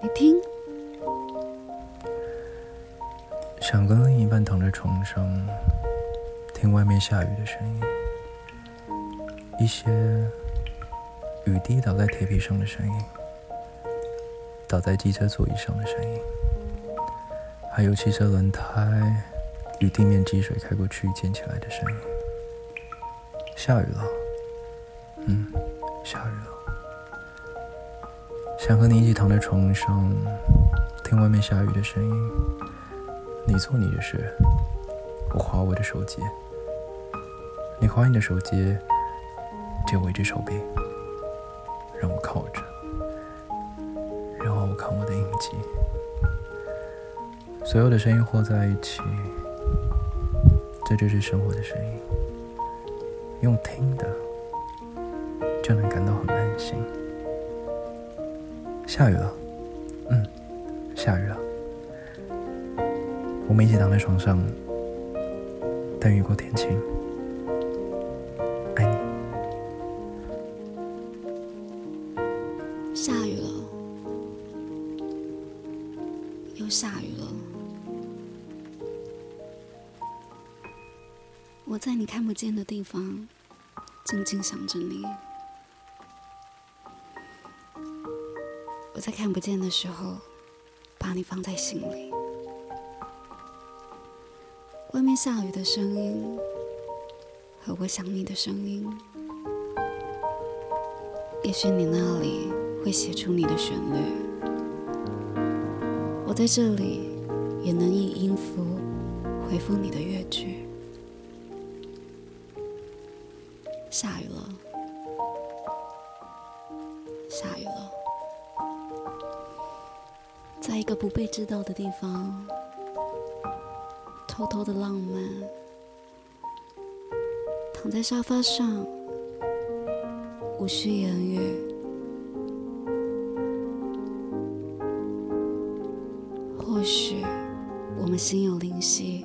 你聽，想跟另一半躺在床上，聽外面下雨的聲音，一些雨滴打在鐵皮上的聲音，打在機車座椅上的聲音，還有汽車輪胎與地面積水開過去濺起來的聲音。下雨了，嗯。想和你一起躺在床上，聽外面下雨的聲音。你做你的事，我划我的手機。你划你的手機，借我一隻手臂，讓我靠着，然後我看我的影集。所有的聲音合在一起，這就是生活的聲音。用聽的，就能感到很安心。下雨了，嗯，下雨了。我們一起躺在床上，等雨過天晴。愛你。下雨了，又下雨了。我在你看不見的地方，靜靜想着你。我在看不見的時候，把你放在心裡。外面下雨的聲音和我想你的聲音，也許你那裡會寫出你的旋律。我在這裡也能以音符回復你的樂句。下雨了，下雨了。在一個不被知道的地方，偷偷的浪漫，躺在沙發上，無需言語。或許我們心有靈犀，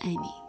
愛你。